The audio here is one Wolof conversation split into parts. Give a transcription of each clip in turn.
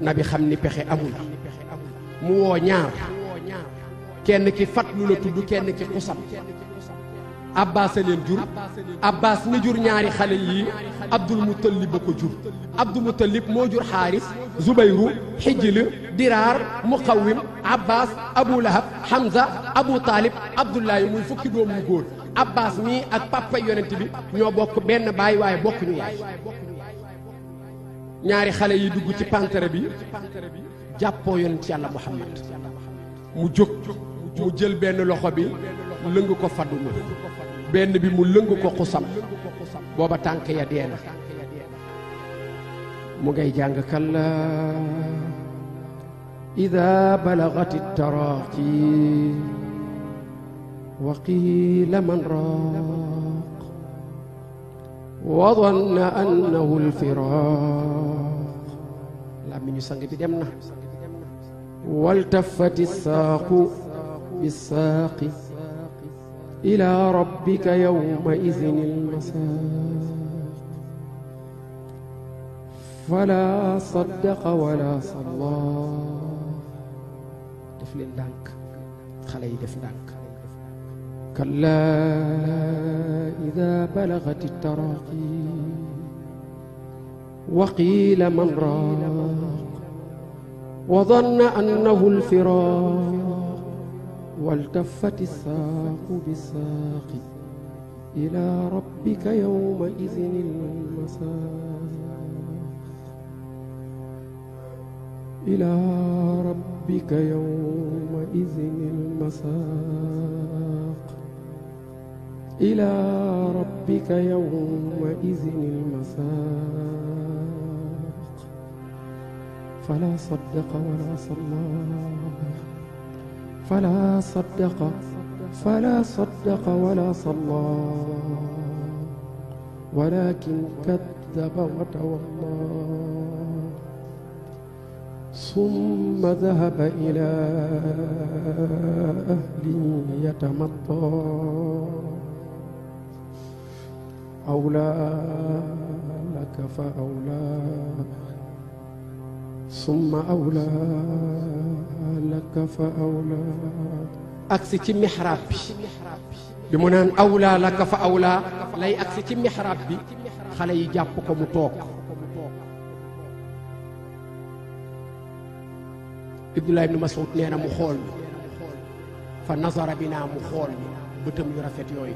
nabi xam ni pexe amul mu woo ñaar kenn ki fatlu la tudd kenn ki xusam Abbas a leen jur Abbas mi jur ñaari xale yii Abdul Muttalib ba ko jur Abdul Muttalib moo jur Xaaris Zubayru Xijil Diraar Muqawim Abbas Abu Lahab Hamza Abu Talib Abdullahi muy fukki doom yu góor Abbas mii ak papa yonent ñoo bokk benn baay waaye bokkuñu yaay. ñaari xale yi dugg ci pantere bi jàppoo yonent Muhammad mu jóg mu jël benn loxo bi lëng ko fadduma benn bi mu lëng ko xusam booba tànk ya dee na mu ngay jàng kalla ida balagati man raaq wa danna annahu alfiraaq làmmiñu sang bi dem na waltafati saaqu bisaaqi ila rabbika yawma idin almasaaq fala saddaqa wala salla def leen ndànk xale yi def ndànk kalla ida balagati taraqi وقيل من راق وظن أنه الفراق والتفت الساق بالساق إلى ربك يومئذ المساق إلى ربك يومئذ المساق إلى ربك يومئذ المساق فلا صدق ولا صلى فلا صدق فلا صدق ولا صلى ولكن كذب وتولى ثم ذهب إلى أهله يتمطى أولى لك فأولى ثم أولى لك فأولى agsi ci mixraab bi bi mu naan awlaa laka fa awlaa lay agsi ci mixraab bi xale yi jàpp ko mu toog Abdullah ibn Mas'ud nee mu xool fa nazara bi naa mu bëtam yu rafet yooy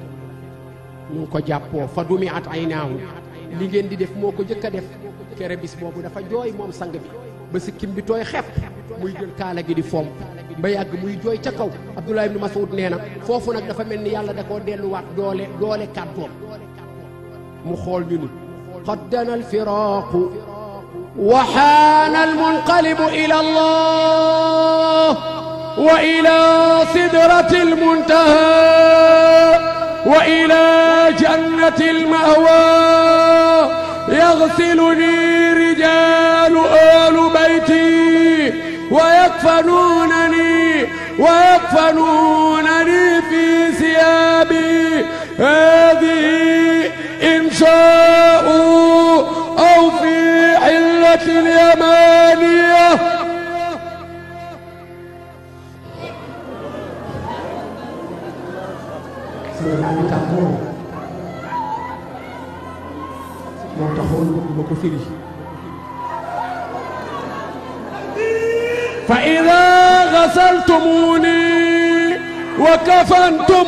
ñu ngi ko jàppoo fa dumi at ay di def moo ko jëkk a def kere boobu dafa jooy moom sang bi ba bi tooy xepp muy jël gi di fomm ba yàgg muy jooy ca kaw Abdullah ibn Mas'ud nee na foofu nag dafa mel ni yàlla da koo delluwaat doole doole kàddoom mu xool ñu ni wa xaana almunqalibu ila allah wa ila sidrati almuntaha وإلى جنة المأوى يغسلني رجال آل بيتي ويكفنونني ويكفنونني في ثيابي هذه إن شاءوا أو في حلة اليمين loolu tax moom moo taxoon ma ko firi fa ida gasaltumuni wa kafantum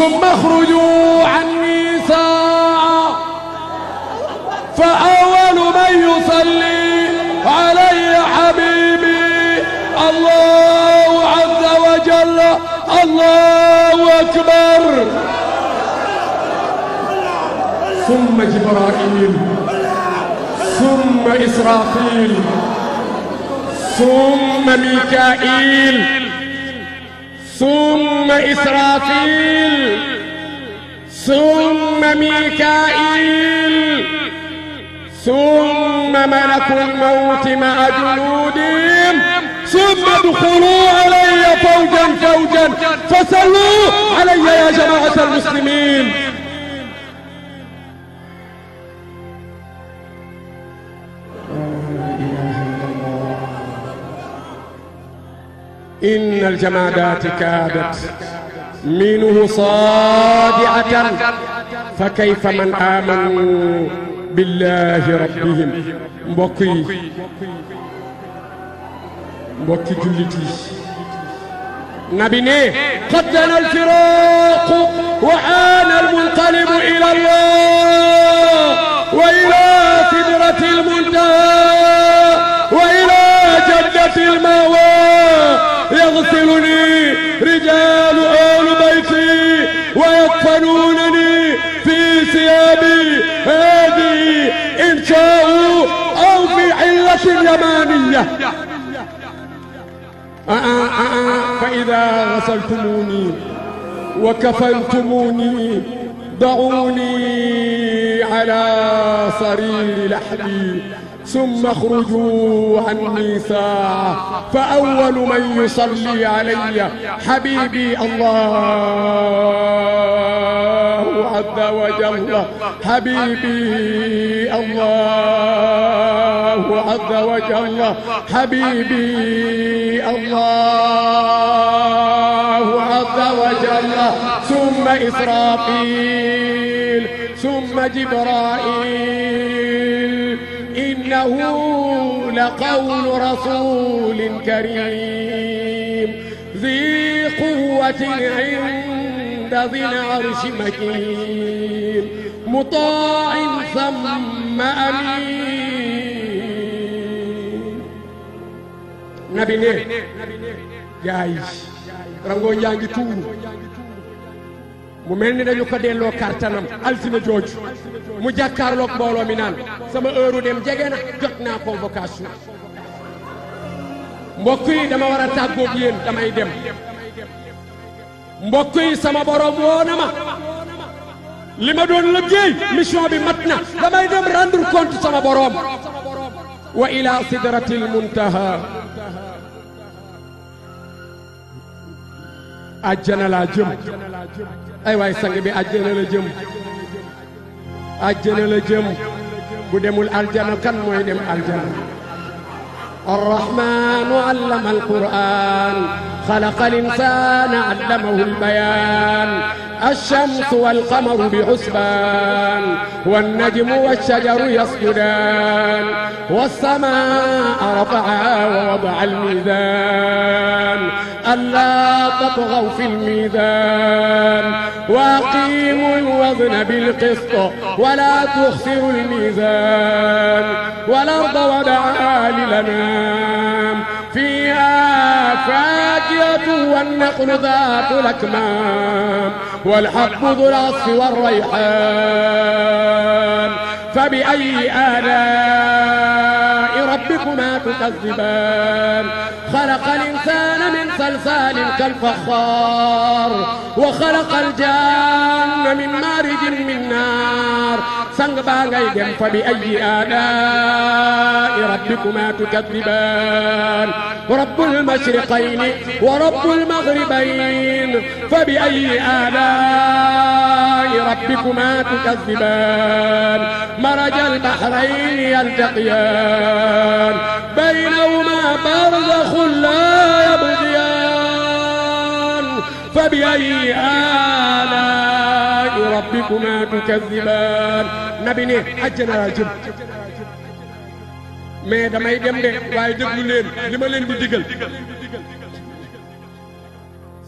ثم اخرجوا عني ساعة فأول من يصلي علي حبيبي الله عز وجل الله أكبر ثم جبرائيل ثم إسرافيل ثم ميكائيل ثم إسرافيل ثم ميكائيل ثم ملك الموت مع جنودهم ثم ادخلوا علي فوجا فوجا فصلوا علي يا جماعة المسلمين إن الجمادات كادت مينه صادعة فكيف من آمنوا بالله ربهم مبكي مبكي جلتي نبي قد دنا الفراق وحان المنقلب إلى الله اليمانية فإذا غسلتموني وكفنتموني ضعوني على صرير لحدي ثم اخرجوا عني ساعة فأول من يصلي علي حبيبي الله عز وجل حبيبي الله عز وجل حبيبي الله عز وجل ثم إسرافيل ثم جبرائيل إنه لقول رسول كريم ذي قوة عند ذي العرش مكين مطاع ثم أمين nabi ne jaay rango yaa ngi tuuru mu mel ni dañu ko delloo kartanam altine jooju mu jàkkaarloog mbooloo mi naan sama heure dem jege jot naa convocation mbokk yi dama war a tàggoog yéen damay mbokk yi sama borom woo na ma li ma doon liggéey mission bi mat na damay dem rendre compte sama wa ila sidratil muntaha àjjana ay waay sang bi àjjana la bu demul aljana kan mooy dem aljana arrahmanu allama alquran خلق الإنسان علمه البيان الشمس والقمر بحسبان والنجم والشجر يسجدان والسماء رفعها ووضع الميزان ألا تطغوا في الميزان وأقيموا الوزن بالقسط ولا تخسروا الميزان والأرض وضعها للناس النخلة والنخل ذات الأكمام والحب ذو العصف والريحان فبأي آلاء ربكما تكذبان خلق الإنسان من صلصال كالفخار وخلق الجان من مارج من نار sang baa ngay dem fa bi ay aadaa rabbikuma tukadibaan رب المشرقين ورب المغربين فبأي آلاء ربكما تكذبان مرج البحرين يلتقيان بينهما برزخ لا يبغيان فبأي آلاء ربكما تكذبان نبني أجنا جبت mais damay dem de waaye leen li ma leen di digal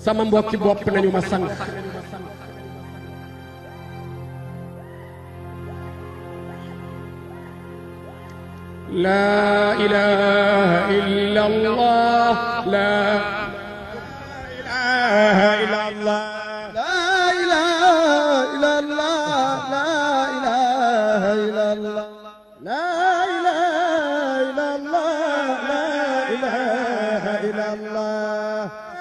sama mbokki bopp nañu ma sànq laa ilaha illa allah الله